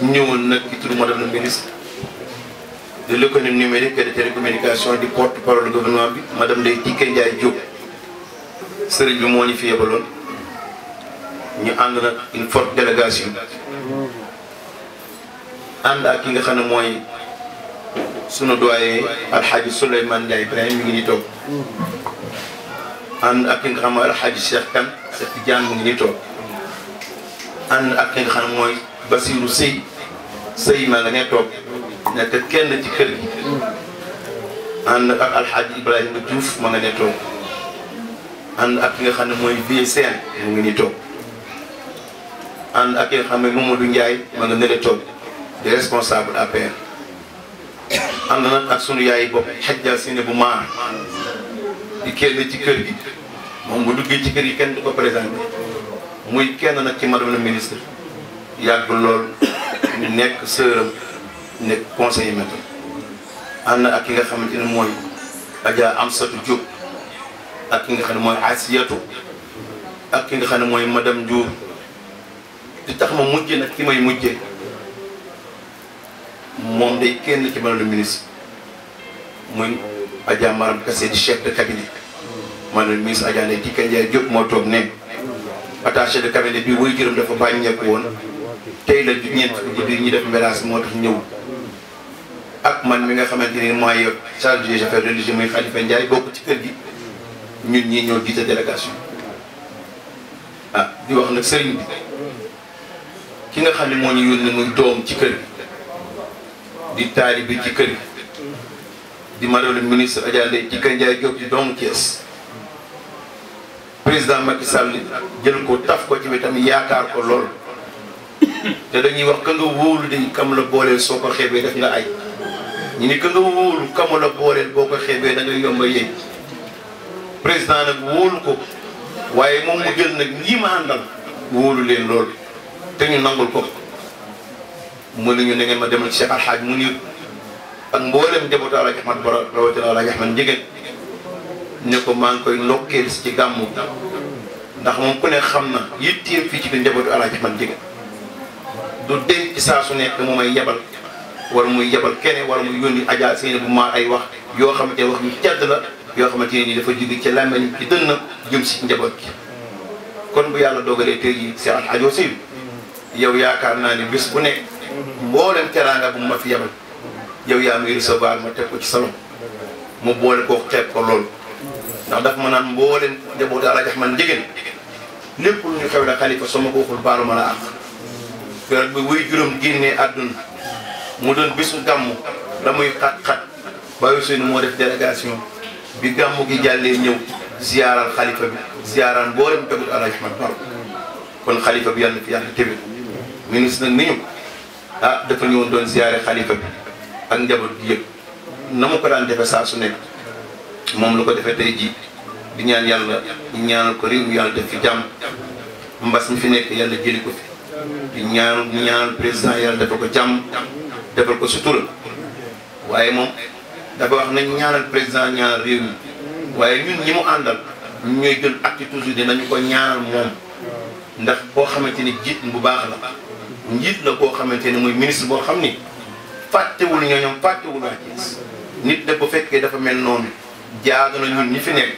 ñëwoon nag ci turu madame la ministre de l'économie numérique et télécommunication di porte parole gouvernement bi madame Ndeye Tické Ndiaye Diop sëriñ bi moo ñu fi yebaloon ñu ànd nag une forte délégation ànd ak ki nga xam ne mooy sunu doyen alxaaji Souleymane Ndiaye Ibrahima mi ngi nii toog ànd ak ki nga xam mooy alxaaji Cheikh Kane Cheikh mu ngi nii toog ànd ak ki nga xam mooy Basirou Sey sëy ma nga ne toog nekk kenn ci kër alxaaji Ibrahima Diouf ma nga ne toog ànd ak ki nga xam ne mooy Vieux seen mu ngi nii toog ànd ak ki nga xam ne Mamadou Ndiaye ma nga ne toog di responsable APR. ànd nag ak sunu yaay bopp xajja sine bu maar di kenn ci kër gi moom bu duggee ci kër gi kenn du ko présenté muy kenn nag ci madame la ministre yàgg lool nekk sëram nekk conseiller météo ak ki nga xamante ne mooy Adja Amsatou Diop ak ki nga xam ne mooy Asiyatou ak ki nga xam ne mooy madame Diouf di tax ma mujjee nag ki may mujjee. moom de kenn ci madame le ministre muy Adja Maram Kassé di chef de cabinet madame le ministre Adja ne Dika Ndiaye Diop moo toog ne attaché de cabinet bi wuy jërëm dafa bàññeeku woon tey la ñeent fukki bi ñu def mbélaas moo tax ñëw ak man mi nga xamante ni mooy yor chargé des affaires religieuses muy Khalifa Ndiaye bokk ci kër gi ñun ñii ñoo jiite délégation ah di wax nag sëriñ bi ki nga xam ne moo ñu yónni muy doom ci kër gi di taalibe ci kër di madame le ministre Adja Ndeye Tické Ndiaye Diop di doomu Thiès président Macky Sall jël ko taf ko ci wetam yaakaar ko lool te dañuy wax ka nga wóolu di kam la booleel soo ko xeebee def nga ay ñu ni ka nga wóolu kamu la booleel boo ko xeebee da yomb a yëy président nag wóolu ko waaye moom mu jël nag lii ma wóolu leen lool te ñu nangul ko. mu ne ñu ne ngeen ma demal ci Cheikh Alxaaj mu niir ak mboolem njabootu Alaaji Ahmad Baro ne ko maa ngi koy ndokkeel si ci gàmmu ndax moom ku ne xam na yitteem fii ci biir njabootu Alaaji Ahmad Njigéen du denc saa su nekk mu may yebal wala muy yebal keneen wala muy yónni Adja Seyni bu maar ay wax yoo xamante ne wax yu la yoo xamante ne nii dafa jig ci làmmiñ ci dënn jëm si njaboot gi kon bu yàlla dogalee tey jii si Alaaji Ousseynou yow yaakaar naa ne bis bu nekk. mboolem teraanga bu ma fi yebal yow yaa ngi recevoir ma teg ko ci salon mu boole koo xeeb loolu ndax daf ma naan mboolem njabootu Alaaji Axmat Njigéen lépp lu ñu xew na xalifa sama ko waxul baalu ma la àq keroog juróom génnee àdduna mu doon bisu gàmmu la muy xat-xat bàyyi moo def délégation bi gi jàllee ñëw ziyaaral xalifa bi ziyaaraan mboolem njabootu Alaaji kon xalifa bi yàlla fi yàlla téwél ministre nag ni ñu ah dafa ñëwoon doon ziyaare xalifa bi ak njaboot bi yëpp na mu ko daan defe saa su nekk moom lu ko defee tey jii di ñaan yàlla ñaanal ko réew mi yàlla def fi jàmm mbas mi fi nekk yàlla jëli ko fi di ñaan ñaanal président yàlla dafa ko jàmm defal ko sutura waaye moom dafa wax nañ ñaanal président ñaanal réew mi waaye ñun ñi mu àndal ñu ñooy jël acte toujours dinañu ko ñaanal moom ndax boo xamante ni jiit bu baax la njiit la koo xamante ne mooy ministre boo xam ni fàttewul ñooñam fàttewul waa Thiès nit da bu fekkee dafa mel noonu jaadu na ñun ñi fi nekk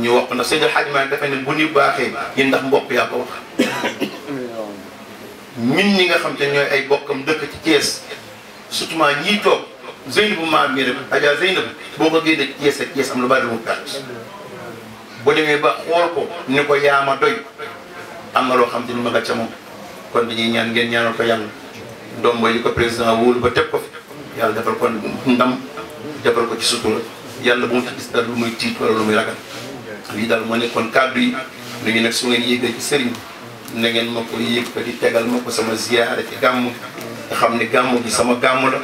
ñu wax ko ndax Seydi El Hadji Malick bu ñu baaxee yi ndax mbokk yaa ko wax ñun ñi nga xam te ñooy ay bokkam dëkk ci Thiès surtout ñii toog Zeynab maam mi rek Adja Zeynab boo ko génnee Thiès ak Thiès am lu bari lu mu perte bu demee ba xool ko ni ko yaama doy am na loo xam te ni ma nga ca moom kon bi ñuy ñaan ngeen ñaanal ko yàlla doom yi ko président wóolu ba teg ko fi yàlla defal ko ndam defal ko ci sutura yàlla bu mu fi gis dara lu muy ragal lii daal moo nekkoon kàddu yi nu ñu nag su ngeen yéegee ci sëriñ na ngeen ma ko di tegal ma ko sama ziyaara ci gàmm nga xam ne gàmm gi sama gàmm la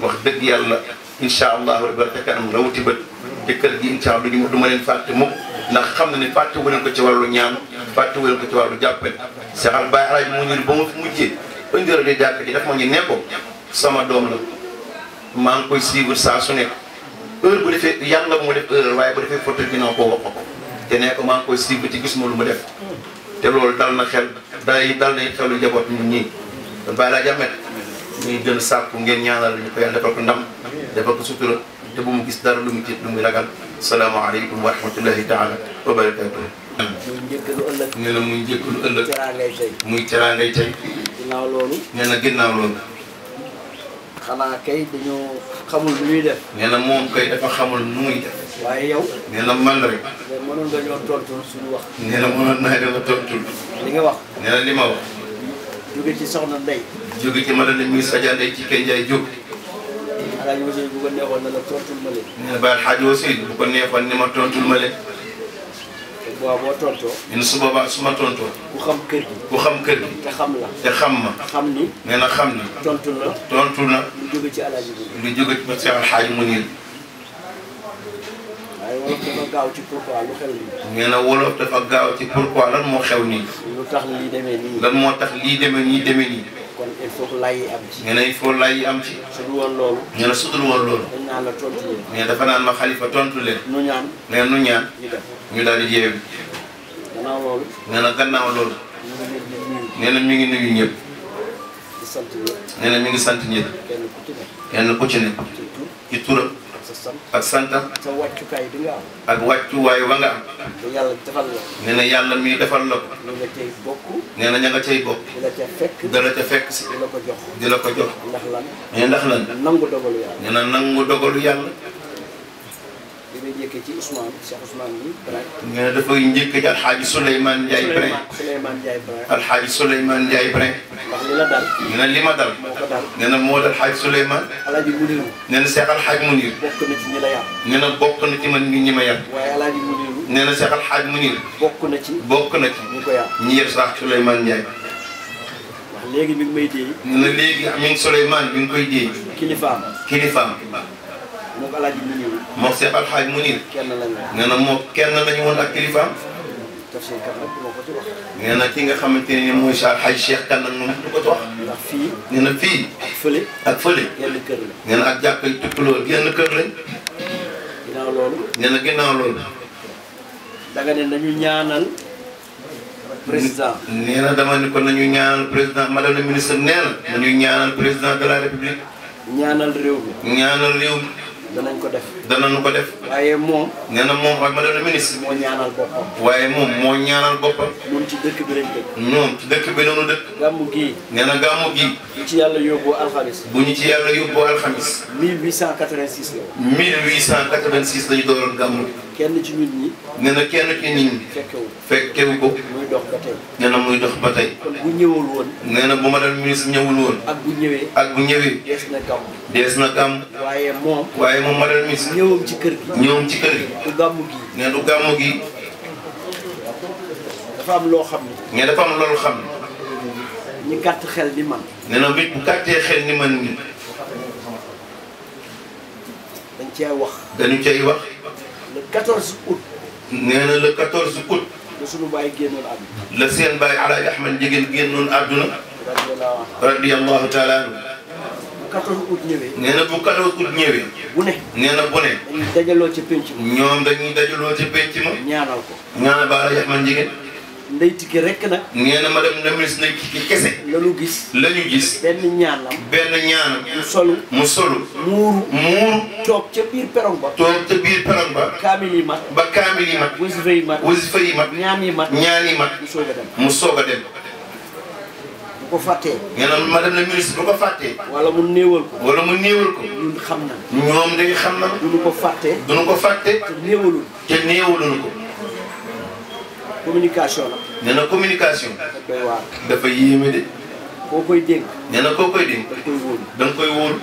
wax dëgg yàlla incha allah ba ca kanam rawati bët te kër gi incha allah du ma leen fàtte mukk ndax xam na ne fàtte wu ko ci wàllu ñaan fàtte wu ci wàllu jàppale seexal bàyyi alaaj mu ñun ba ma fi mujjee ba njëriñ di jàkk ji daf ma ngi nekkoon sama doom la maa ngi koy suivre saa su nekk heure bu defee yàlla moo def heure waaye bu defee photo bi non ko wax ko te nee ko maa ngi koy suivre ci gis ma lu mu def te loolu dal na xel day dal nañ xelu njaboot ñun ñii kon bàyyi laa jamet ñuy gën sàkku ngeen ñaanal ñu ko yàlla defal ko ndam defal ko sutura te bu mu gis dara lu mu tiit lu muy ragal salaamaaleykum wa rahmatullahi taala wa barakatuh muy njëkk lu ëllëg. nee na muy njëkk lu ëllëg. teraangay tey. muy teraangay tey. ginnaaw loolu. nee na ginnaaw loolu. xanaa kay dañoo xamul lu ñuy def. nee na moom kay dafa xamul nu muy def. waaye yow. nee na man rek. mais mënoon nga ñoo tontu suñu wax. nee na mënoon naa ñoo tontu. li nga wax. nee na li ma wax. jóge ci soxna Ndeye. jóge ci madame mi Sadia Ndeye ci Kën Ndiaye jóg. alaaji Ousseynou bu ko neexoon na la tontul ma leen. nee na Baye Alaaji Ousseynou bu ko neexoon ni ma tontul ma leen. waaw boo tontoo. ñun su boobaa su ma tontoo. ku xam kër gi. ku xam kër gi. te xam la te xam ma. xam ni nee na xam ni. tontu na tontu na. lu jóge ci alaaji bi. lu jóge ci alaaji mu nii. waaye ci pourquoi lu xew nii. nee na wolof dafa ci pourquoi lan moo xew nii. lu tax lii demee nii. lan moo tax lii demee nii demee nii. kon il faut que lay am ci. ñu ne il faut lay am ci. su dul woon loolu. ñu ne su dul woon loolu. dañ la xalifa tontu leen. nu nu ñaan. ñu def ñu daal di yeewi. gannaaw loolu. nee na mi ngi nuyu ñëpp. di sant ñëpp. nee na mi ngi sant ñëpp. kenn ku ne. ci ne. ak santam. ak wàccukaay bi nga am. am. lu yàlla defal la nee na yàlla mii defal la ko ñu nga cay bokk nee na ña nga cay bokk di la ca fekk dala ca fekk si di la ko jox di la ko jox ndax lan nee ndax lan nangu dogalu yàlla nee na nangu dogalu yàlla li muy njëkkee ci Ousmane Cheikh Ousmane bi Brin nee na dafay njëkk ci alxaaji Souleymane Ndiaye Brin Souleymane Ndiaye Brin alxaaji Souleymane Ndiaye Brin ndax li la dal nee na li ma dal moo ko dal nee na moo dal xaaji Souleymane alaaji Muniru nee na Cheikh alxaaji Muniru bokk na ci ñi la yàpp nee na bokk na ci man ñi ma yàpp waaye alaaji Muniru nee na Cheikh Al Hadj bokk na ci bokk na ci. ñu ko yar ñu yar sax Souleymane Ndiaye. wax léegi mi ngi may bi nga koy déey. kilifaam kilifaam. moom El Hadj Munir. moom Cheikh Al Hadj kenn lañu woon na moom kenn lañu woon ak kilifaam. tafsirkat nag ki nga xamante ne mooy Cheikh Al Hadj Cheikh kan nag moom du ko fii. nee na fii. ak fële. ak fële. yenn la. nee ak jàkka yu loolu genn kër lañ. ginnaaw loolu. nee na ginnaaw loolu. danga ne nañu ñaanal président. nee na dama ni ko nañu ñaanal président madame la ministre nee na nañu ñaanal président de la république. ñaanal réew mi. ñaanal réew mi. danañ ko def. danañ ko def. waaye moom. nee na moom waaye madame la ministre. moo ñaanal boppam. waaye moom moo ñaanal boppam. ñun ci dëkk bi lañ dëkk. ñoom ci dëkk bi noonu dëkk. gàmmu gii. nee na gàmmu gii. bu ci yàlla yóbbu alxamis. bu ñu ci yàlla yóbbu alxamis. 1886 la. 1886 la ñu dooroon gàmmu gi. kenn ci nit ñi. nee na kenn ci nii ñi. fekkewu ko fekkewu ko. muy dox ba tey. nee na muy dox ba tey. kon bu ñëwul woon. nee na bu ma dem ministre ñëwul woon. ak bu ñëwee. ak bu ñëwee. dees na gàmm. dees na waaye moom. waaye moom ma dem ministre. ñëwam ci kër gi. ñëwam ci kër gi. du gàmm gi. nee du gàmm gi. dafa am loo xam ne. mais dafa am loolu xam ne. ñu kàtt xel ni man. nee na mbir bu gàttee xel ni man nii. dañ cee wax. dañu cay wax. 14 août. nee na le la sunu baay génnoon àdduna. la seen baay El Hadj jigéen Ndiéguène génnoon àdduna. radiyallahu taala anhu. bu 14 nee na bu 14 août ñëwee. bu nee na bu ne. dañuy dajaloo ci penc ma. ñoom dañuy dajaloo ci penc ma. ñaanal ko. ñaanal ba El Hadj Ahmed Ndiéguène. ndey tike rek nag. nee na madame la ministre ndey tike kese. la ñu gis. la ñu gis. benn ñaanam. benn ñaanam. mu solu. mu solu. muuru. muuru. toog ca biir perong ba. toog ca biir perong ba. kaamil yi mat. ba kaamil yi mat. wasifa yi mat. ñaan yi mat. ñaan yi mat. mu soog a dem. mu soog dem. bu ko fàttee. nee na madame la ko fàttee. wala mu néewal ko. wala mu néewal ko. ñun xam na. ñoom dañuy xam na. du ñu ko fàttee. du ñu ko fàttee. te néewalul. te néewalul ko. communication la. nee na communication. da koy waar. dafa yéeme de. koo koy dénk. nee na koo koy dénk. da nga koy wóolu. da nga koy wóolu.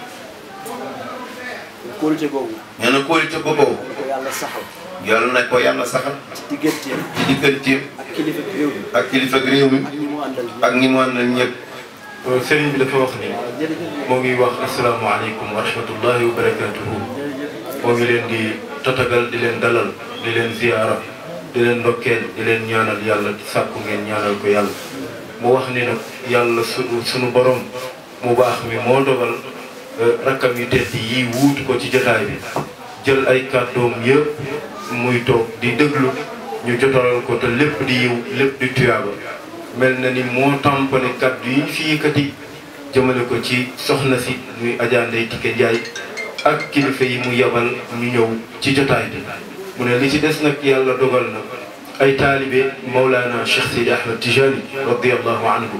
kóolute googu. nee na kóolute googu. da ko yàlla saxal. yàlla na ko yàlla saxal. ci digganteem. ci digganteem. ak kilifa réew mi. ak kilifa réew mi. ak ñi mu àndal ñëpp. ak ñi mu àndal ñëpp. Euh, sëriñ bi dafa wax ni moo ngi wax asalaamaaleykum wa rahmatullahi wa barakatuhu moo ngi leen di tatagal di leen dalal di leen ziyaara. di leen ndokkeel di leen ñaanal yàlla di sàkku ngeen ñaanal ko yàlla mu wax ni nag yàlla su suñu boroom mu baax mi moo dogal eh, rakkam yu tedd yi wuutu ko ci jotaay bi jël ay kàddoom yëpp muy toog di déglu ñu jotalal ko te lépp di yiw lépp di tuyaaba mel na ni moo tàmpane kàddu yi fi yëkkati jëmale ko ci soxna si muy Adja Ndeye Tické Ndiaye ak kilifa yi mu yabal ñu ñëw ci jotaay bi mu ne li ci des nag yàlla dogal na ay taalibe Mawlana Cheikh Sidi Ahmed Tijani radiallahu anhu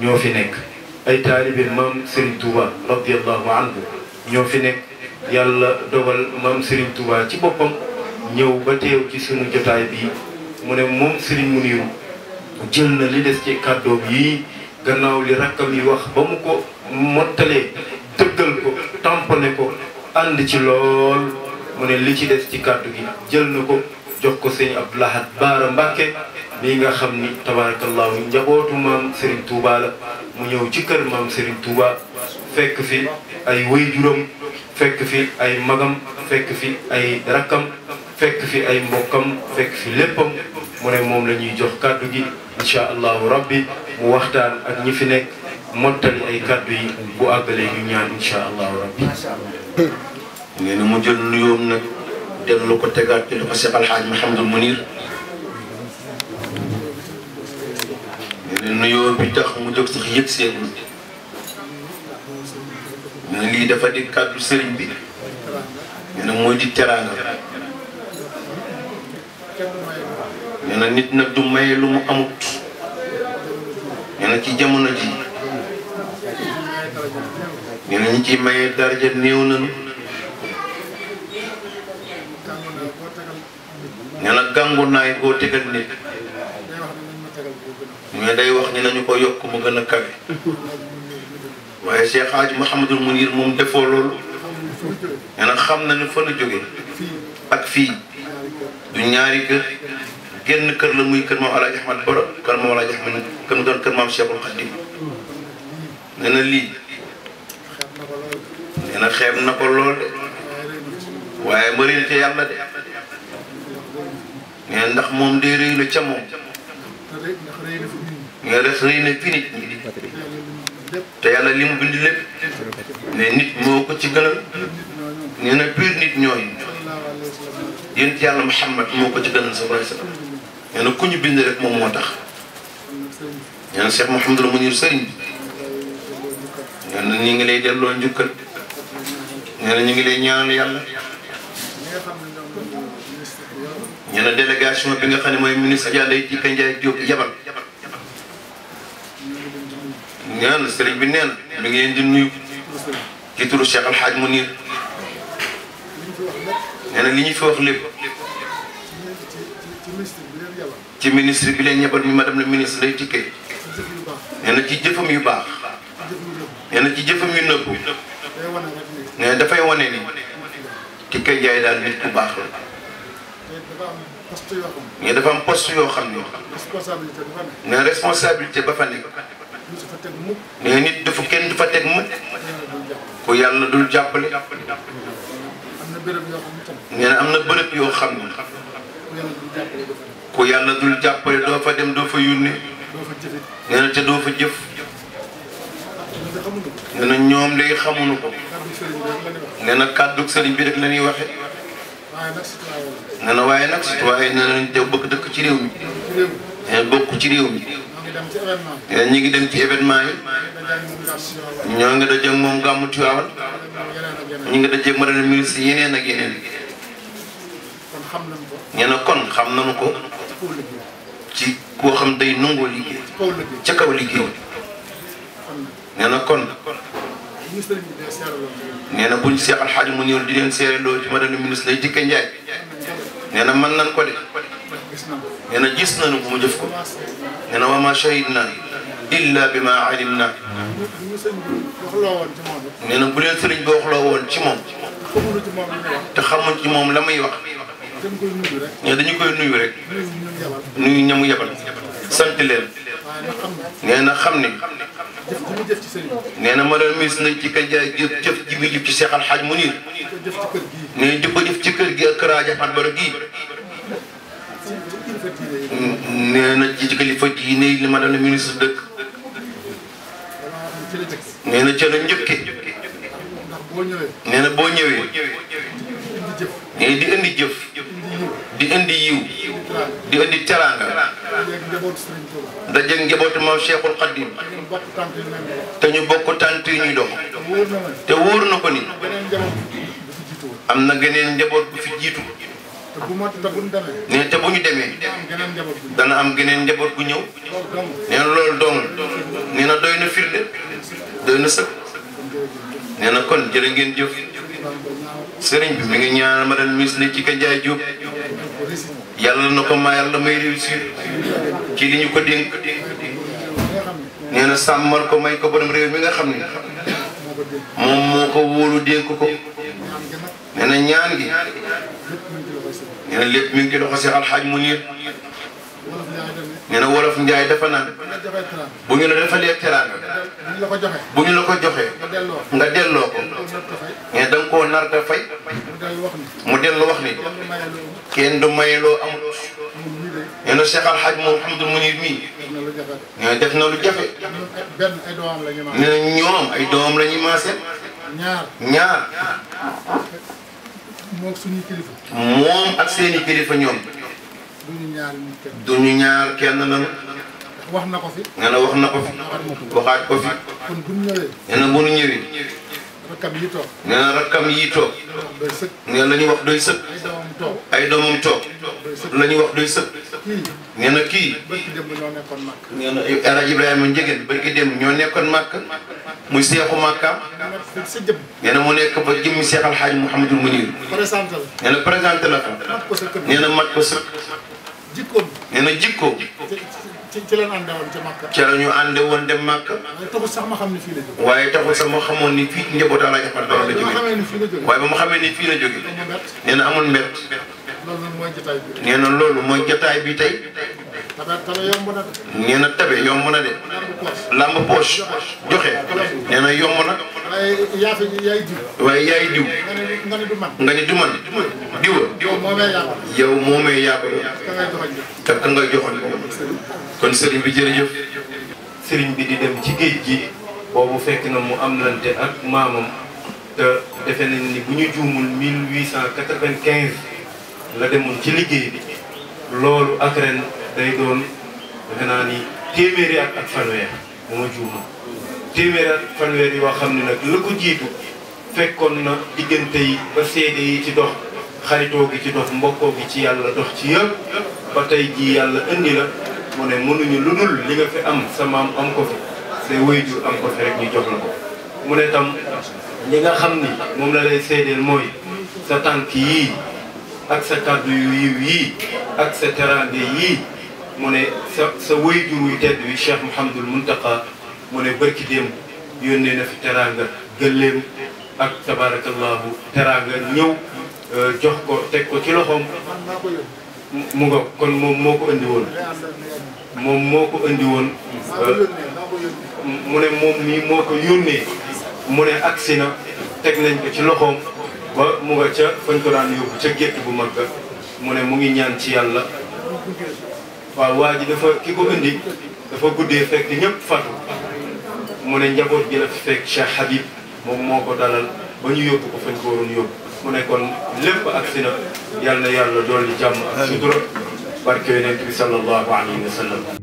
ñoo fi nekk ay taalibe maam Serigne Touba radiallahu anhu ñoo fi nekk yàlla dogal maam Serigne Touba ci boppam ñëw ba teew ci sunu jotaay bi mu ne moom Serigne Muniru jël na li des ci kàddoom yii gannaaw li rakkam yi wax ba mu ko mottalee dëggal ko tamponé ko ànd ci lool mu ne li ci des ci kàddu gi jël na ko jox ko sëñ Abdou Lahad Baara Mbàkke lii nga xam ni tabaarakallaahu njabootu maam Serigne Touba la mu ñëw ci kër maam Serigne Touba fekk fi ay waajuram fekk fi ay magam fekk fi ay rakkam fekk fi ay mbokkam fekk fi léppam mu ne moom la ñuy jox kàddu gi incha allahu rabbi mu waxtaan ak ñi fi nekk mottali ay kàddu yi bu àggalee ñu ñaan incha allahu rabbi nee na mu jël nuyóom nag dellu ko tegaat ci li ko Cheikh Alhaaj Mouhamadul Munir nee na nuyóom bi tax mu jóg sax yëg seegul nee na lii dafa di kàddu sëriñ bi nee na mooy di teraanga nee na nit nag du maye lu mu amut nee na ci jamono ji nee na ñi ci maye daraja néew nañu ñu ne gàngu naay boo tegal nit ñu day wax ñu nañu ko yokk mu gën a kawe waaye Cheikh Hadj Mouhamadul Mounir moom defoo loolu ñu xam nañu fan a jóge ak fii du ñaari kër génn kër la muy kër maam El Hadj Ahmad Boro kër maam El Hadj Ahmad kër doon kër maam Cheikhul Khadim nee na lii nee xeeb na ko lool de waaye mbëri na ca yàlla de. neen ndax moom dee rëy na ca moom. nga des na fi te yàlla li mu bind lépp. ne nit moo ko ci gënal. nee na pur nit ñooy. yéen ci yàlla Muhammad moo ko ci gënal sallallahu alayhi wa sallam. nee ku ñu bind rek moom moo tax. nee na Cheikh Mouhamadul Mounir Serigne bi. nee na ñu ngi lay delloo njukkal. nee na ñu ngi lay ñaanal yàlla. ñu ne délégation bi nga xam ne mooy ministre Yàlla yi Dikka Ndiaye Diop yabal ñaan bi neen mi ngi leen di nuyu turu Cheikh Al Hadj Mounir nee li ñuy fi wax lépp ci ministre bi leen yabal mi madame la ministre lay dikkee nee na ci jëfam yu baax nee ci jëfam yu nëbbu nee dafay wane ni Dikka Ndiaye daal nit ku baax ne dafa am post yoo xam ne. ne responsabilité ba fa nekk. ne nit du fa kenn du fa teg mukk. ku yàlla dul jàppale. nee na am na bërëb yoo xam ne. ku yàlla dul jàppale doo fa dem doo fa yónnee. nee na te doo fa jëf. nee na ñoom day xamuñu ko. nee na kàddu sëriñ bi rek la ñuy waxee. nee na waaye nag citoyen nee nañ de bëgg dëkk ci réew mi. nee bokk ci réew mi. nee ñi ngi dem ci événement yi. ñoo ngi dajeeg moom gàmmu Tiwaawan. ñu ngi dajeeg madame ministre yeneen ak yeneen. nee na kon xam nañu ko. ci koo xam day nangoo liggéey. ca kaw liggéey. nee kon. nee na buñ Cheikh Alhaji mu ñëw di leen seereloo ci madame le ministre lay Dikka Ndiaye na mën nañ ko de nee na gis nañu bu mu jëf ko nee na wa ma na illa bi ma alimna nee na bu leen sëriñ bi waxloo woon ci moom te xamuñ ci moom la may wax nee dañu koy nuyu rek nuyu ñamu yebal sant leen nee na xam ne nee na ma doon mis nañ ci ka jaay jëf jëf ji muy jëf ci Cheikh Al Hadj Mounir nee di ko jëf ci kër gi ak rajo Fatbara gii nee na ci kilifa yi ne li madame la ministre dëkk nee na ca la njëkke nee na boo ñëwee nee di indi jëf di indi yiw di indi teraanga dajeeg njabootu Serigne Touba. dajeeg njabootu maam Cheikhul Khadim. te ñu bokk tànt yi ñuy dox. te wóor na ko ni. am na geneen njaboot bu fi jiitu. te bu ma te bu ñu demee. te bu ñu demee. dana am geneen njaboot bu ñëw. nee na loolu dong. nee na doy na firnde. doy na sëkk. nee na kon jërë ngeen jëf. sëriñ bi mi ngi ñaanal madame ministre ci ka jaay yàlla na ko ma yàlla may réussir ci li ñu ko dénk nee na sàmmal ko may ko borom réew mi nga xam ne moom moo ko wóolu dénk ko nee na ñaan gi nee na lépp mi ngi ci loxo si alxaaj mu niir nee na wolof Njaay dafa naan bu ñu la defalee teraanga bu ñu la ko joxee nga delloo ko nee da nga koo nar da fay mu dellu wax ni kenn du mayeloo amut nee na Cheikh Al Hadj Mouhamadou Mounir mii nee def na lu jafe nee na ñoom ay doom la ñuy maase ñaar moom ak seeni kilifa ñoom. du ñu ñaar kenn lañu. wax na ko fi. nga ne wax na ko fi. waxaat ko fi. kon bu ñu ñëwee. nee na bu ñu ñëwee. rakkam yi toog. nee na rakkam yi toog. nee la wax doy sëkk. ay doomam to la ñu wax doy sëkk. nee kii. nee na El Hadj Ibrahima Ndiéguène barki dem ñoo nekkoon màkk. muy seexu màkkaam. nee mu nekk ba jëmmi seexal xaaj Mouhamadul Munir. nee na présenté la ko. nee na mat ko jikkoom. nee na jikkoom. ci ci lañ ànde woon ca Makka. ca la ñu ànde woon dem Makka. waaye taxul sax ma xam ne fii la jógee. waaye taxul sax ma xamoon ni fii njabootu Alaaji Axmat Awa la jógee. waaye ba ma xamee ni fii la jógee. nee na amul mbett. nee na loolu mooy jotaay bi tey. nee na tabe yomb na de. làmb poche joxe. nee na yomb na. waaye yaa yaay diw. waaye yaay diw. nga ne du man nga ne du man diw. yow moomee yaa yow moomee ka nga joxoon kon sëriñ bi jërëjëf. sëriñ bi di dem ci géej gi boobu fekk na mu am lante ak maamam te defe nañ ni bu ñu juumul 1895 la demoon ci liggéey bi loolu ak ren day doon defe naa ni téeméeri ak ak fanweer bu ma juumul. téeméer ak fanweer xam ne nag la ko jiitu fekkoon na diggante yi ba seede yi ci dox xaritoo gi ci dox mbokkoo gi ci yàlla dox ci yëpp ba tey jii yàlla indi la mu ne mënuñu lu dul li nga fi am sa maam am ko fi say wayjur am ko fi rek ñu jox la ko mu ne tam li nga xam ni moom la lay seedeel mooy sa tànk yii ak sa kàddu yu yiw yii ak sa teraande yii mu ne sa sa wu tedd wi Cheikh Mouhamadul Muntaqa mu ne bërki démb yónnee na fi teraanga gëléem ak tabarakallahu teraanga ñëw euh, jox ko teg ko ci loxoom mu nga kon moom moo ko indi woon euh, mu ne moom mii moo ko yónnee mu ne agsi na teg nañ ko ci loxoom ba mu nga ca fañ ko daan yóbbu ca gétt bu mag mu ne mu ngi ñaan ci yàlla waaw waa ji dafa ki ko indi dafa guddee fekk ñëpp fatu mu ne njaboot gi la fi fekk Cheikh Habib moom moo ko dalal ba ñu yóbbu ko fañ ko waroon yóbbu ne kon lépp ak si na yàlla na yàlla dolli jàmm ak sutura barke yonent bi sallallahu alayhi wa sallam